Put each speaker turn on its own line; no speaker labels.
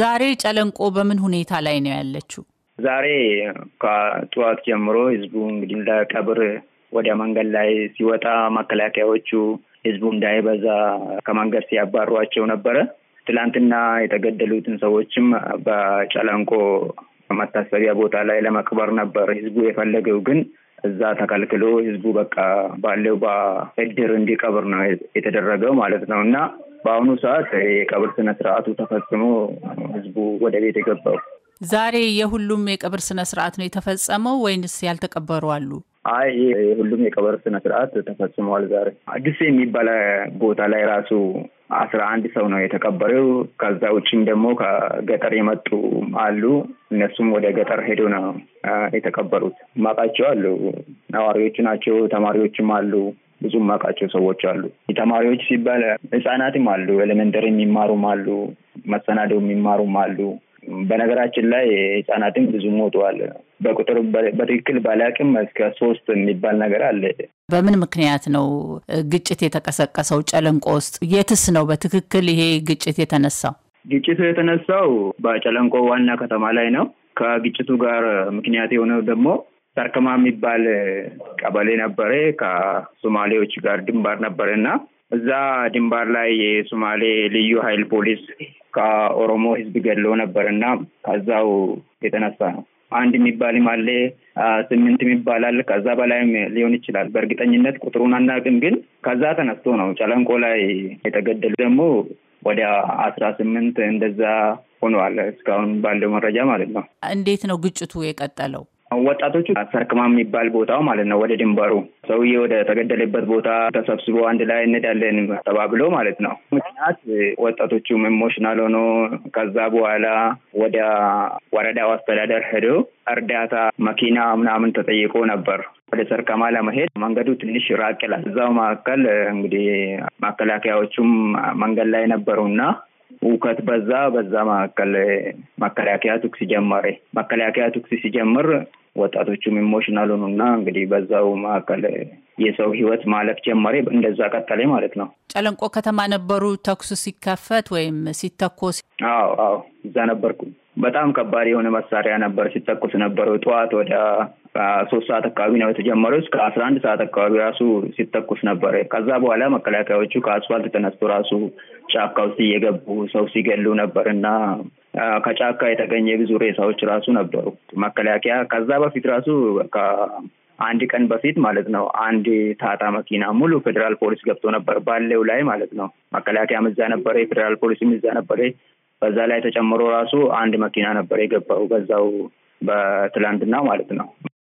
ዛሬ ጨለንቆ በምን ሁኔታ ላይ ነው ያለችው?
ዛሬ ከጠዋት ጀምሮ ህዝቡ እንግዲህ ለቀብር ወደ መንገድ ላይ ሲወጣ መከላከያዎቹ ህዝቡ እንዳይበዛ ከመንገድ ሲያባሯቸው ነበረ። ትላንትና የተገደሉትን ሰዎችም በጨለንቆ መታሰቢያ ቦታ ላይ ለመቅበር ነበር ህዝቡ የፈለገው ግን እዛ ተከልክሎ ህዝቡ በቃ ባለው በእድር እንዲቀብር ነው የተደረገው ማለት ነው እና በአሁኑ ሰዓት የቀብር ስነ ስርዓቱ ተፈጽሞ ህዝቡ ወደ ቤት የገባው
ዛሬ የሁሉም የቀብር ስነ ስርዓት ነው የተፈጸመው ወይንስ ያልተቀበሩ አሉ?
አይ የሁሉም የቀብር ስነ ስርዓት ተፈጽሟል። ዛሬ አዲስ የሚባል ቦታ ላይ ራሱ አስራ አንድ ሰው ነው የተቀበረው። ከዛ ውጭም ደግሞ ከገጠር የመጡ አሉ። እነሱም ወደ ገጠር ሄዶ ነው የተቀበሩት። ማቃቸው አሉ። ነዋሪዎች ናቸው። ተማሪዎችም አሉ። ብዙ ማውቃቸው ሰዎች አሉ። ተማሪዎች ሲባል ህጻናትም አሉ፣ ኤሌመንተሪ የሚማሩም አሉ፣ መሰናደው የሚማሩም አሉ። በነገራችን ላይ ህጻናትም ብዙ ሞተዋል። በቁጥር በትክክል ባላቅም እስከ ሶስት የሚባል ነገር አለ።
በምን ምክንያት ነው ግጭት የተቀሰቀሰው? ጨለንቆ ውስጥ የትስ ነው በትክክል ይሄ ግጭት የተነሳው?
ግጭቱ የተነሳው በጨለንቆ ዋና ከተማ ላይ ነው። ከግጭቱ ጋር ምክንያት የሆነው ደግሞ ሰርክማ የሚባል ቀበሌ ነበረ። ከሶማሌዎች ጋር ድንባር ነበረ እና እዛ ድንባር ላይ የሶማሌ ልዩ ኃይል ፖሊስ ከኦሮሞ ሕዝብ ገድለው ነበር እና ከዛው የተነሳ ነው። አንድ የሚባልም አለ፣ ስምንት ይባላል። ከዛ በላይም ሊሆን ይችላል። በእርግጠኝነት ቁጥሩን አናውቅም፣ ግን ከዛ ተነስቶ ነው ጨለንቆ ላይ የተገደሉ ደግሞ ወደ አስራ ስምንት እንደዛ ሆነዋል። እስካሁን ባለው መረጃ ማለት ነው።
እንዴት ነው ግጭቱ የቀጠለው?
ወጣቶቹ ሰርክማ የሚባል ቦታው ማለት ነው ወደ ድንበሩ ሰውዬ ወደ ተገደለበት ቦታ ተሰብስቦ አንድ ላይ እንዳለን ተባብሎ ማለት ነው። ምክንያት ወጣቶቹም ኢሞሽናል ሆኖ ከዛ በኋላ ወደ ወረዳው አስተዳደር ሄዶ እርዳታ መኪና ምናምን ተጠይቆ ነበር። ወደ ሰርከማ ለመሄድ መንገዱ ትንሽ ራቅ ይላል። እዛው መካከል እንግዲህ መከላከያዎቹም መንገድ ላይ ነበሩና እውከት በዛ በዛ መካከል መከላከያ ትኩስ ጀመረ። መከላከያ ትኩስ ሲጀምር ወጣቶቹም ኢሞሽናል ሆኑና እንግዲህ በዛው መካከል የሰው ህይወት ማለፍ ጀመረ። እንደዛ ቀጠለ ማለት
ነው። ጨለንቆ ከተማ ነበሩ ተኩሱ ሲከፈት ወይም ሲተኮስ? አዎ አዎ፣
እዛ ነበርኩ። በጣም ከባድ የሆነ መሳሪያ ነበር ሲተኩስ ነበሩ። ጠዋት ወደ ሶስት ሰዓት አካባቢ ነው የተጀመረ። እስከ አስራ አንድ ሰዓት አካባቢ ራሱ ሲተኩስ ነበረ። ከዛ በኋላ መከላከያዎቹ ከአስፋልት ተነስቶ ራሱ ጫካ ውስጥ እየገቡ ሰው ሲገሉ ነበር እና ከጫካ የተገኘ ብዙ ሬሳዎች ራሱ ነበሩ። መከላከያ ከዛ በፊት ራሱ አንድ ቀን በፊት ማለት ነው አንድ ታታ መኪና ሙሉ ፌዴራል ፖሊስ ገብቶ ነበር፣ ባሌው ላይ ማለት ነው። መከላከያም እዛ ነበረ፣ ፌዴራል ፖሊስም እዛ ነበረ። በዛ ላይ ተጨምሮ ራሱ አንድ መኪና ነበር የገባው በዛው በትላንትና ማለት ነው።